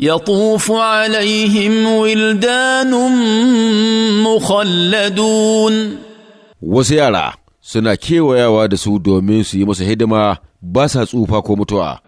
Ya يطوف عليهم ولدان مخلدون wasu yara suna kewayawa da su domin su yi masa hidima ba sa tsufa ko mutuwa